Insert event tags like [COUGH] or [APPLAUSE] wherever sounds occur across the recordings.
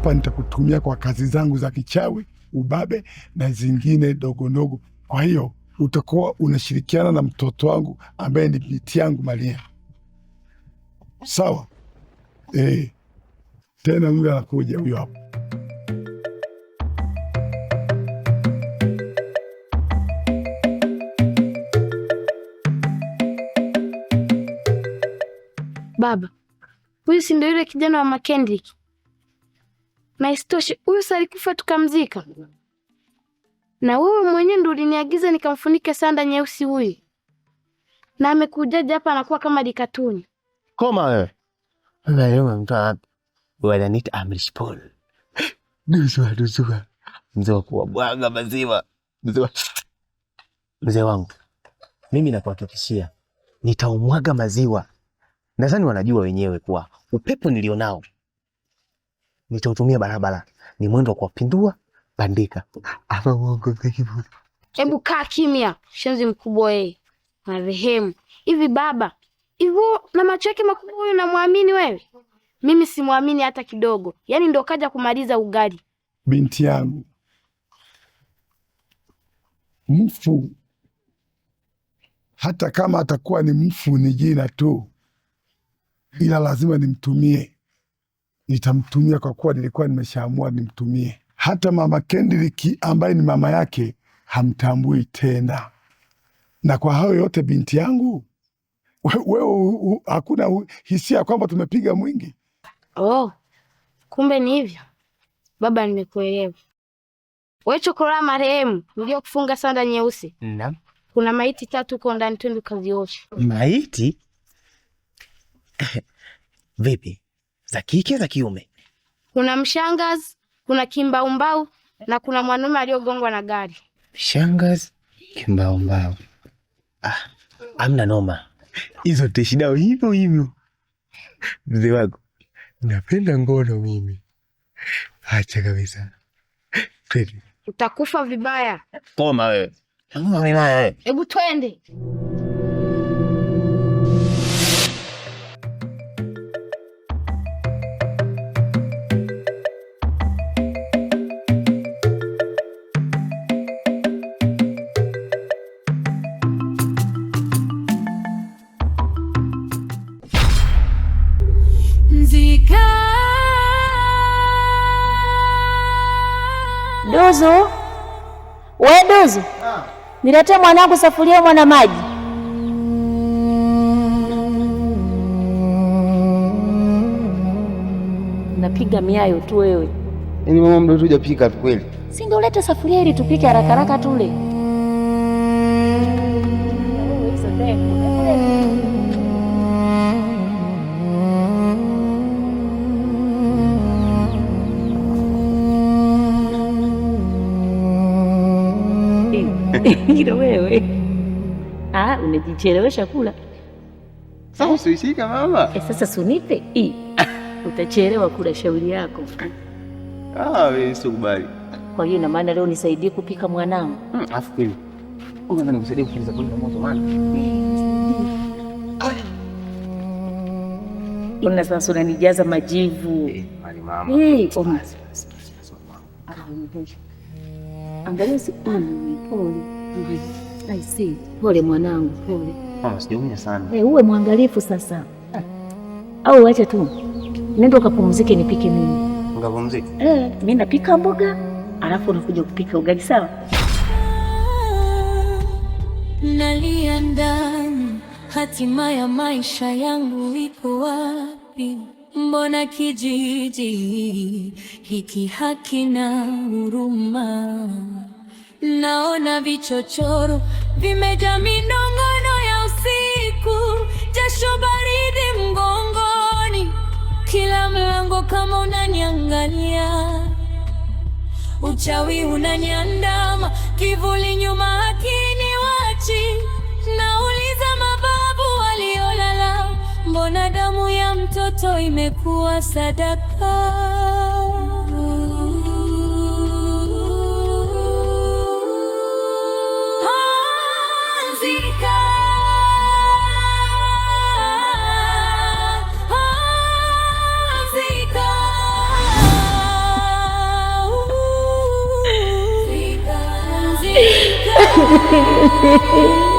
hapa nitakutumia kwa kazi zangu za kichawi, ubabe na zingine ndogo Kwa hiyo utakuwa unashirikiana na mtoto wangu ambaye ni binti yangu Maria, sawa? E, tena muda anakuja huyo hapo. Baba, huyu si ndio yule kijana wa Makendiki? Na isitoshe huyu salikufa tukamzika, na wewe mwenyewe ndo uliniagiza nikamfunike sanda nyeusi huyu, na amekujaja hapa anakuwa kama dikatuni. Koma wewe Maluma mtaapi wananiita amrishpol duzua duzua, mzee wa kuwabwaga maziwa mzee wa... mzee wangu mimi nakuhakikishia nitaumwaga maziwa. Nadhani wanajua wenyewe kuwa upepo nilionao nilichotumia barabara ni mwendo wa kuwapindua bandika. Hebu kaa kimya, shenzi mkubwa wewe, marehemu. Hivi baba hivyo na macho yake makubwa huyo, namwamini wewe? Mimi simwamini hata kidogo, yaani ndo kaja kumaliza ugali. Binti yangu, mfu hata kama atakuwa ni mfu, ni jina tu, ila lazima nimtumie nitamtumia kwa kuwa nilikuwa nimeshaamua nimtumie. Hata mama Kendrick ambaye ni mama yake hamtambui tena. Na kwa hayo yote, binti yangu wewe, we, hakuna hisia kwamba tumepiga mwingi? Oh, kumbe ni hivyo baba, nimekuelewa. We chokora marehemu ndio kufunga sanda nyeusi. na Kuna maiti tatu huko ndani, twende kaziosha Maiti? [COUGHS] Vipi? za kike za kiume. Kuna mshangazi, kuna kimbaumbau na kuna mwanaume aliyogongwa na gari. Mshangazi, kimbaumbau. Ah, amna noma, hizo teshidao hivyo hivyo. Mzee wako napenda ngono mimi, acha kabisa, utakufa vibaya. Koma wewe, hebu twende. duzu, we duzu, niletee mwanangu safuria mwana maji. Napiga miayo tu wewe. Yaani mama, mdo japika kweli? Si ndio, leta safuria ili tupike haraka haraka tule. Ila wewe umejichelewesha ah, kula. Sasa eh? usiishika mama. E, sasa sunipe i utachelewa kula, shauri yako. Ah, wewe sikubali. Kwa hiyo ina maana leo nisaidie kupika mwanangu. Hmm, alafu kweli nikusaidie kufunza kwa moto maana una sasa unanijaza majivu. Angalia si pole. Aisee, pole mwanangu, pole. Mama, sijaumia sana. Eh, uwe mwangalifu sasa. Au wacha tu nenda ukapumzike, nipike mimi. Ungapumzike? Eh, mimi napika mboga alafu unakuja kupika ugali, sawa? Nalia ndani, hatima ya maisha yangu iko wapi? Mbona kijiji hiki hakina huruma? Naona vichochoro vimejaa minong'ono ya usiku, jasho baridi mgongoni, kila mlango kama unaniangalia. Uchawi unaniandama, kivuli nyuma hakiniwachi. Nauliza mababu waliolala, mbona damu ya mtoto imekuwa sadaka? 嘿嘿嘿。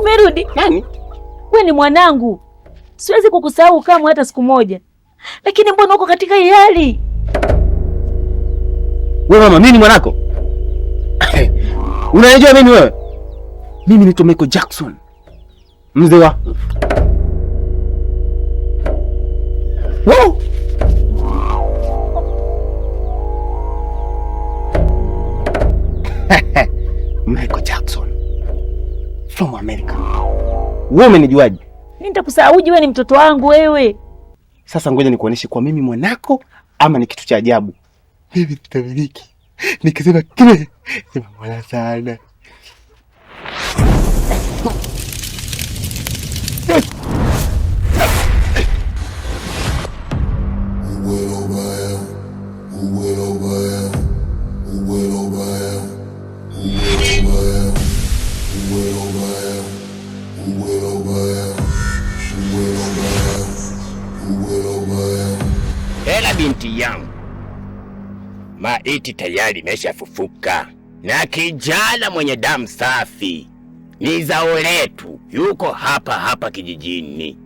umerudi. Nani? We ni mwanangu, siwezi kukusahau kamwe hata siku moja, lakini mbona uko katika hii hali? We mama, mimi ni mwanako? [COUGHS] Unanijua mimi wewe? Mimi ni Tomeko Jackson, mzee wa wow. [LAUGHS] Michael Jackson from America. Wewe umenijuaje? Nitakusahauje? Wewe ni mtoto wangu wewe. Sasa ngoja nikuoneshe kwa mimi mwanako ama ni kitu cha ajabu. Mimi tutabiliki nikisema kile ni mwana sana maiti yangu. Maiti tayari imeshafufuka, na kijana mwenye damu safi ni zao letu, yuko hapa hapa kijijini,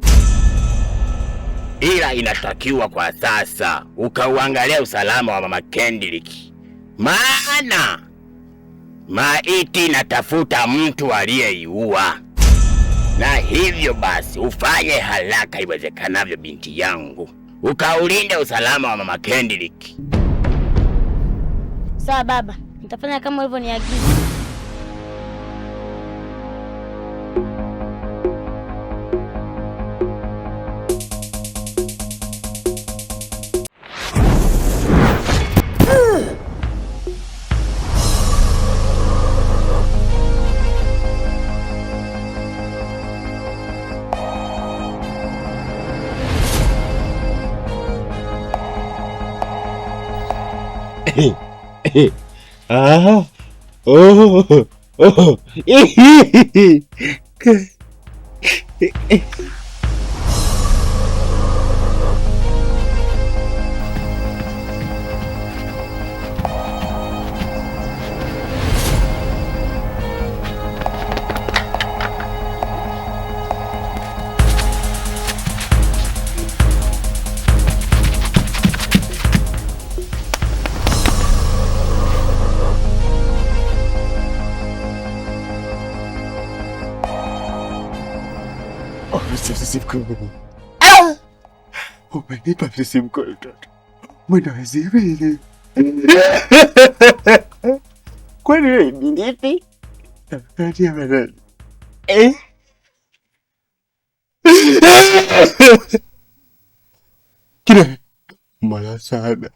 ila inatakiwa kwa sasa ukauangalia usalama wa mama Kendrick, maana maiti inatafuta mtu aliyeiua na hivyo basi ufanye haraka iwezekanavyo, binti yangu ukaulinde usalama wa mama Kendrick. Sawa baba, nitafanya kama ulivyoniagiza. Ah! Oh! Oh! oh. oh [LAUGHS] [LAUGHS] msisimko mimi. Ah! Umenipa msisimko mtoto. Mwenda wazimu. [LAUGHS] Kwani wewe ni eh? [LAUGHS] nini? Kati ya Kile. Mala sana.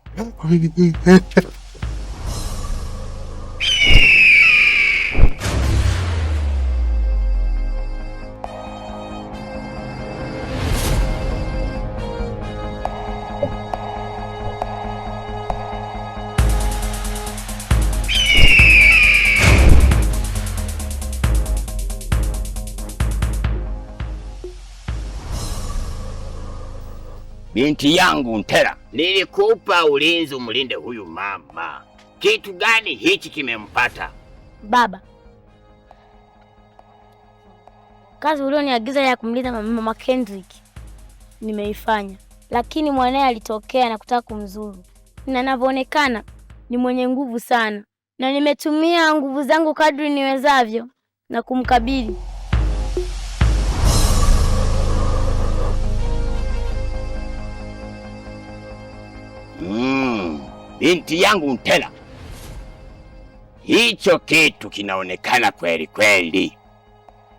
binti yangu Ntela. Nilikupa ulinzi umlinde huyu mama. Kitu gani hichi kimempata? Baba, kazi ulioniagiza ya kumlinda mama Kendrick nimeifanya, lakini mwanaye alitokea na kutaka kumzuru, na navonekana ni mwenye nguvu sana, na nimetumia nguvu zangu kadri niwezavyo na kumkabili Mm, binti yangu Ntela, hicho kitu kinaonekana kweli kweli,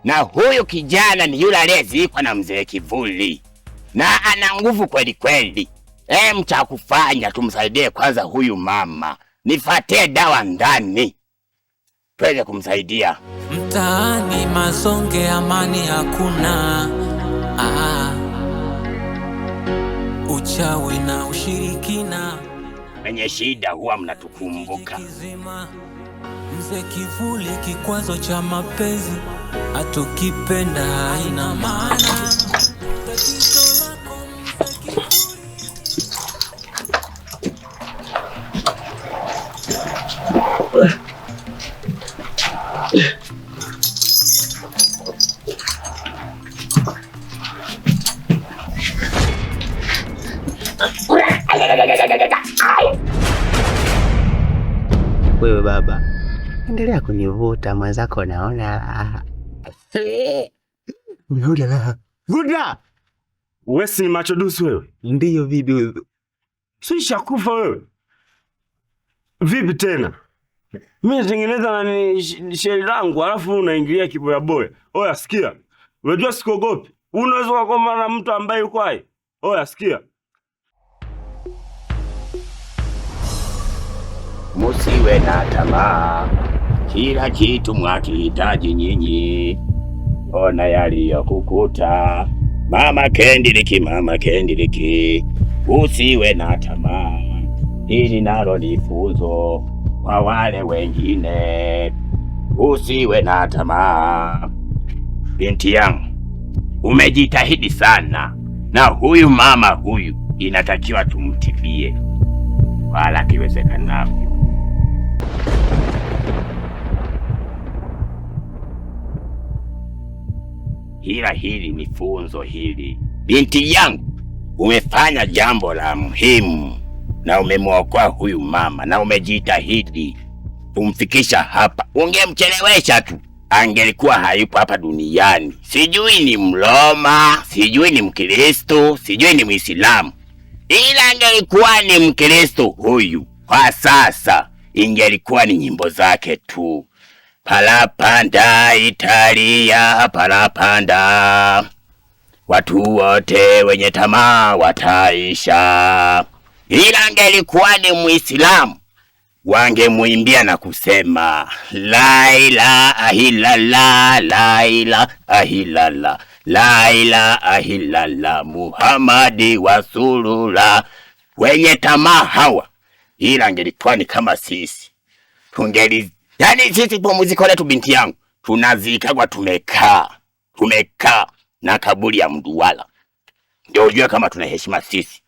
na huyu kijana ni yule aliyezikwa na mzee Kivuli na ana nguvu kweli kweli. Em, mcha kufanya tumsaidie kwanza huyu mama, nifatie dawa ndani tuweze kumsaidia. Mtaani mazonge, amani hakuna ah. ah uchawi na ushirikina. Wenye shida huwa mnatukumbuka. Mzee kivuli, kikwazo cha mapenzi, hatukipenda haina maana. Hata mwenzako naona Unaona raha. Vuda! Wewe si macho dusu wewe? Ndiyo wewe? Si shakufa wewe. Vipi tena? Mimi natengeneza na ni sheri langu alafu unaingilia kiboya boya. Oya sikia. Unajua sikogopi. Unaweza kukombana na mtu ambaye yuko hai. Oya sikia. Musiwe na tamaa kila kitu mwakihitaji nyinyi. Ona yaliyokukuta Mama Kendiliki, Mama Kendiliki, usiwe na tamaa. Hili nalo ni funzo kwa wale wengine, usiwe na tamaa. Binti yangu, umejitahidi sana, na huyu mama huyu inatakiwa tumtibie wala kiwezekanavyo. ila hili ni funzo hili. Binti yangu, umefanya jambo la muhimu na umemwokoa huyu mama na umejitahidi kumfikisha hapa. Ungemchelewesha tu angelikuwa hayupo hapa duniani. Sijui ni Mroma, sijui ni Mkristo, sijui ni Mwislamu, ila angelikuwa ni Mkristo huyu kwa sasa, ingelikuwa ni nyimbo zake tu. Palapanda Italia, palapanda. Watu wote wenye tamaa wataisha. Ila angelikuwa ni Muislamu wangemwimbia na kusema laila ahilala laila ahilala laila ahilala Muhamadi wasulula. Wenye tamaa hawa, ila angelikuwa ni kama sisi tungeli Yaani sisi pumziko letu binti yangu tunazikagwa, tumekaa tumekaa na kaburi ya mduwala, ndio ujue kama tuna heshima sisi.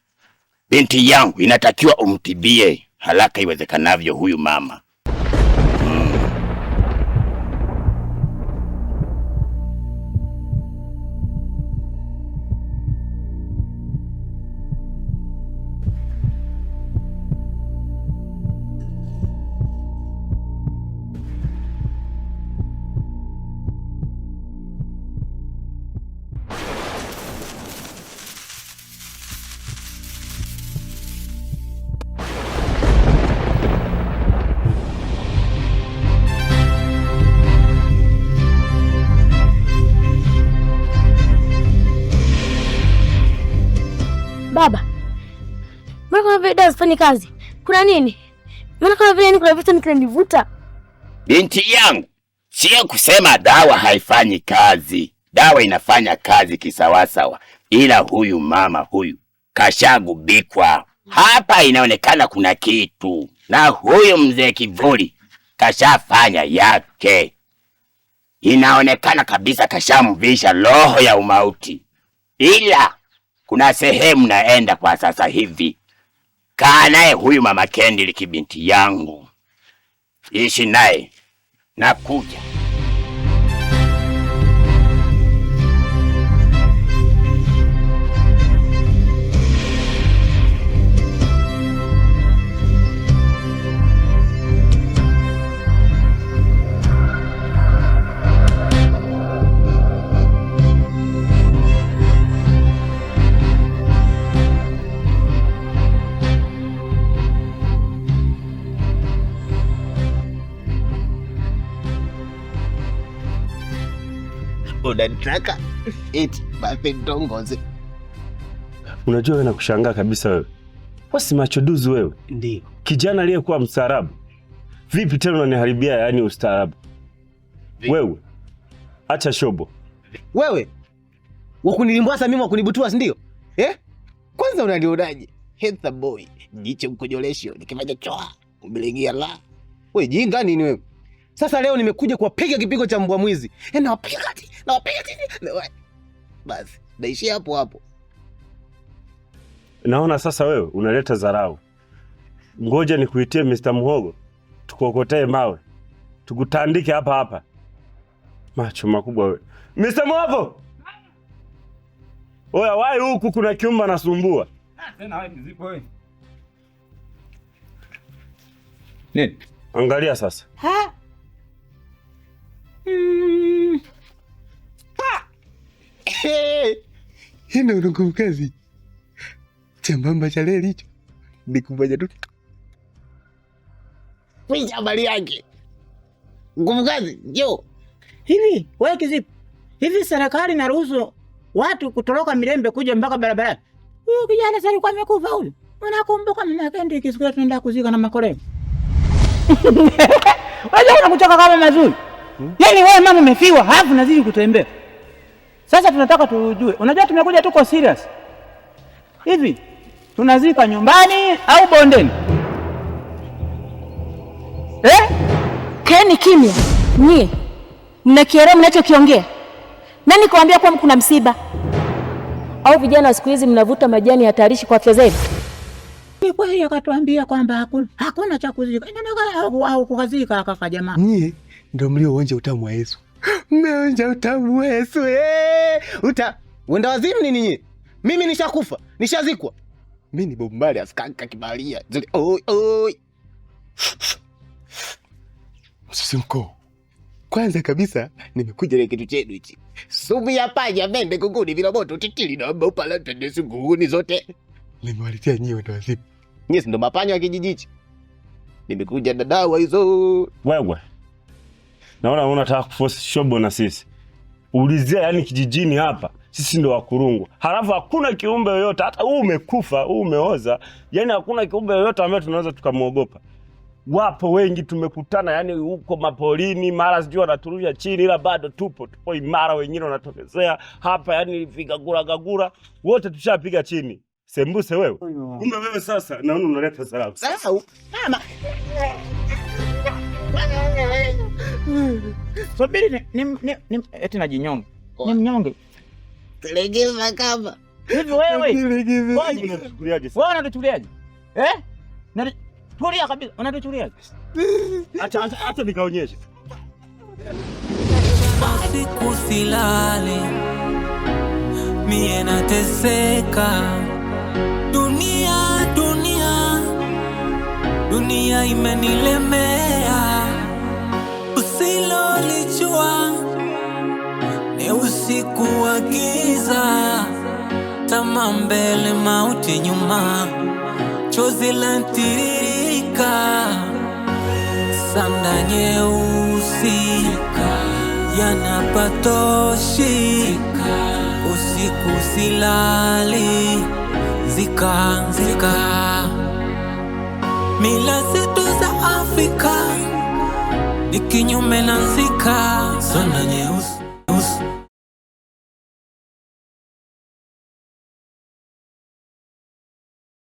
Binti yangu, inatakiwa umtibie haraka iwezekanavyo huyu mama. kama vile dawa zifanye kazi. Kuna nini? Maana kama vile kuna vitu nikinanivuta. Binti yangu, sio kusema dawa haifanyi kazi. Dawa inafanya kazi kisawasawa, ila huyu mama huyu kashagubikwa hapa. Inaonekana kuna kitu, na huyu mzee Kivuli kashafanya yake. Inaonekana kabisa kashamvisha roho ya umauti, ila kuna sehemu naenda kwa sasa hivi Kaa naye huyu mama Kendili, kibinti yangu, ishi naye, nakuja. nataka eti bape mtongoze. Unajua wewe, nakushangaa kabisa wewe. Wasi machoduzi wewe. Ndio. Kijana aliyekuwa mstaarabu. Vipi tena unaniharibia yaani ustaarabu? Wewe. Acha shobo. Wewe. Wakunilimbwasa mimi wakunibutua si ndio? Eh? Kwanza unalionaje? Handsome boy, jicho mkojolesho, nikifanya choa, umelegea la. Wewe jinga nini wewe? Sasa leo nimekuja kuwapiga kipigo cha mbwa mwizi, eh, nawapiga ti nawapiga ti, basi naishia hapo hapo. Naona sasa wewe unaleta dharau. Ngoja nikuitie Mr. Muhogo tukuokotee mawe tukutandike hapa hapa. Macho makubwa wewe, Mr. Muhogo. Oya, wai huku kuna kiumba nasumbua nini? Angalia sasa ha? Hino ndo nguvu kazi chambamba cha leli hicho nikuvaja tu picha habari yake. Nguvu kazi jo, hivi wewe kizipi hivi, serikali inaruhusu watu kutoroka Mirembe kuja mpaka barabarani? Huyu kijana sasa alikuwa amekufa huyu, unakumbuka mama yake ndio kisikuwa tunaenda kuzika na makoleo. [LAUGHS] Waje unakutoka kama mazuri hmm. Yaani wewe mama umefiwa, halafu nazidi kutembea. Sasa tunataka tujue, unajua tumekuja tuko serious hivi, tunazika nyumbani au bondeni eh? Keni kimya nyie, mnakielewa mnachokiongea? Nani kawaambia kwamba kuna msiba? Au vijana wa siku hizi mnavuta majani hatarishi kwa afya zenu? Ni kweli akatuambia kwamba hakuna hakuna cha kuzika au kukazika kaka jamaa ndio mlioonja utamu wa Yesu. [GASPS] Mmeonja utamu wa Yesu. Hey! Uta wenda wazimu ni ninyi. Mimi nishakufa, nishazikwa. Mimi ni Bob Marley askaka kibalia. Zile oi oi. Msisimko. [SNIFFS] Kwanza kabisa nimekuja ile kitu chenu hichi. Sumu ya panya, mende, kunguni, viroboto, titili na mbao pala tendesi nguni zote. Nimewaletea nyewe wenda wazimu. Nyinyi ndo mapanya wa kijijichi. hichi. Nimekuja na dawa hizo. Wewe naona unataka kuforce shobo na sisi. Ulizia yani kijijini hapa sisi ndo wakurungu, halafu hakuna kiumbe yoyote, hata huu umekufa huu umeoza, yani hakuna kiumbe yoyote ambaye tunaweza tukamwogopa. Wapo wengi tumekutana, yani huko mapolini, mara sijui wanaturuja chini, ila bado tupo tupo imara, wengine wanatokezea hapa, yani vigagura gagura, wote tushapiga chini. Sembuse wewe, kumbe wewe sasa naona unaleta salamu sasa mama Subiri [LAUGHS] eti najinyonge, ni mnyonge. Legeza kamba hivi wewe, Wewe Eh? unatuchukuliaje? Tulia kabisa, unatuchukuliaje? [LAUGHS] Acha acha nikaonyeshe. Siku silale, mie nateseka. Dunia, dunia, dunia imenilemea lilolichua ni usiku wa giza, tama mbele, mauti nyuma, chozi lantiririka, sanda nyeusi yanapatoshi, usiku silali, zika zika, mila zetu za Afrika ni kinyume na nzika, sona nyeusi